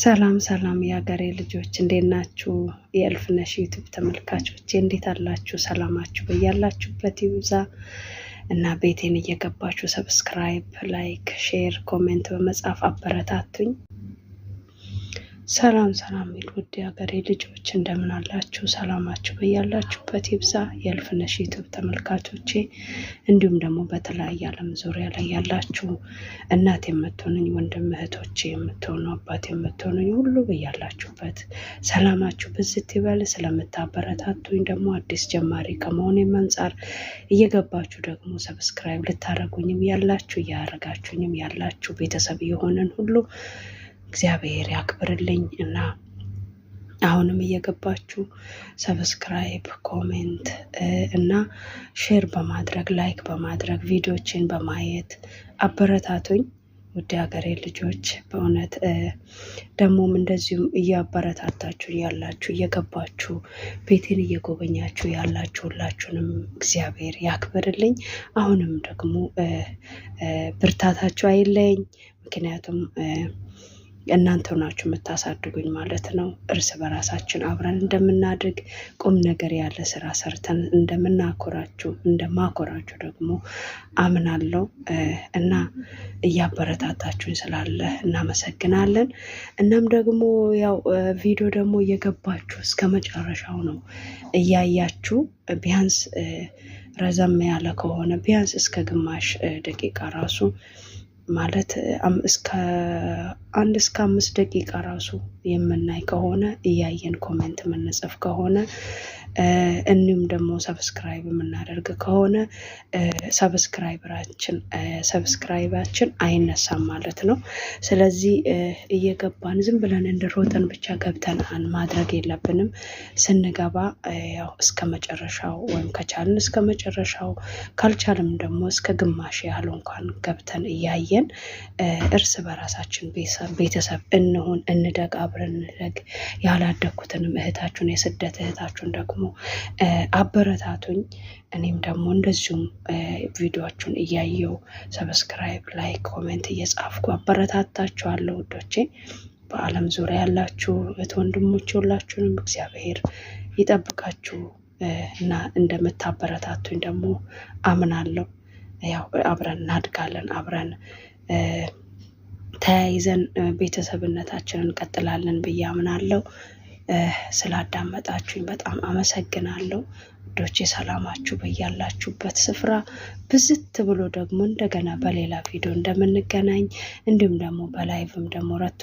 ሰላም ሰላም የሀገሬ ልጆች እንዴት ናችሁ? የእልፍነሽ ዩቱብ ተመልካቾቼ እንዴት አላችሁ? ሰላማችሁ በያላችሁበት ይብዛ እና ቤቴን እየገባችሁ ሰብስክራይብ፣ ላይክ፣ ሼር፣ ኮሜንት በመጻፍ አበረታቱኝ። ሰላም ሰላም ሚል ውድ የሀገሬ ልጆች እንደምን አላችሁ? ሰላማችሁ በያላችሁበት ይብዛ። የእልፍነሽ ዩቱብ ተመልካቾቼ እንዲሁም ደግሞ በተለያየ ዓለም ዙሪያ ላይ ያላችሁ እናት የምትሆኑኝ ወንድም እህቶቼ የምትሆኑ አባት የምትሆኑኝ ሁሉ በያላችሁበት ሰላማችሁ ብዝት ይበል። ስለምታበረታቱኝ ደግሞ አዲስ ጀማሪ ከመሆኔም አንጻር እየገባችሁ ደግሞ ሰብስክራይብ ልታደረጉኝም ያላችሁ እያደረጋችሁኝም ያላችሁ ቤተሰብ የሆነን ሁሉ እግዚአብሔር ያክብርልኝ እና አሁንም እየገባችሁ ሰብስክራይብ፣ ኮሜንት እና ሼር በማድረግ ላይክ በማድረግ ቪዲዮችን በማየት አበረታቱኝ። ውድ ሀገሬ ልጆች በእውነት ደግሞም እንደዚሁም እያበረታታችሁ ያላችሁ እየገባችሁ ቤቴን እየጎበኛችሁ ያላችሁ ሁላችሁንም እግዚአብሔር ያክብርልኝ። አሁንም ደግሞ ብርታታችሁ አይለኝ። ምክንያቱም እናንተው ናችሁ የምታሳድጉኝ ማለት ነው። እርስ በራሳችን አብረን እንደምናድግ ቁም ነገር ያለ ስራ ሰርተን እንደምናኮራችሁ እንደማኮራችሁ ደግሞ አምናለሁ እና እያበረታታችሁኝ ስላለ እናመሰግናለን። እናም ደግሞ ያው ቪዲዮ ደግሞ እየገባችሁ እስከ መጨረሻው ነው እያያችሁ ቢያንስ ረዘም ያለ ከሆነ ቢያንስ እስከ ግማሽ ደቂቃ ራሱ ማለት እስከ አንድ እስከ አምስት ደቂቃ ራሱ የምናይ ከሆነ እያየን ኮሜንት የምንጽፍ ከሆነ እንዲሁም ደግሞ ሰብስክራይብ የምናደርግ ከሆነ ሰብስክራይበራችን ሰብስክራይባችን አይነሳም ማለት ነው። ስለዚህ እየገባን ዝም ብለን እንድሮጠን ብቻ ገብተን ማድረግ የለብንም። ስንገባ ያው እስከ መጨረሻው ወይም ከቻልን እስከ መጨረሻው ካልቻልም ደግሞ እስከ ግማሽ ያህል እንኳን ገብተን እያየ እያየን እርስ በራሳችን ቤተሰብ እንሆን፣ እንደግ፣ አብረን እንደግ። ያላደግኩትንም እህታችሁን የስደት እህታችሁን ደግሞ አበረታቱኝ። እኔም ደግሞ እንደዚሁም ቪዲዮችን እያየው ሰብስክራይብ፣ ላይክ፣ ኮሜንት እየጻፍኩ አበረታታችኋለሁ ውዶቼ። በዓለም ዙሪያ ያላችሁ እህት ወንድሞች ሁላችሁንም እግዚአብሔር ይጠብቃችሁ እና እንደምታበረታቱኝ ደግሞ አምናለሁ። ያው አብረን እናድጋለን፣ አብረን ተያይዘን ቤተሰብነታችንን እንቀጥላለን ብዬ አምናለሁ። ስላዳመጣችሁኝ በጣም አመሰግናለሁ። ውዶቼ ሰላማችሁ በያላችሁበት ስፍራ ብዝት ብሎ ደግሞ እንደገና በሌላ ቪዲዮ እንደምንገናኝ እንዲሁም ደግሞ በላይቭም ደግሞ ረቶ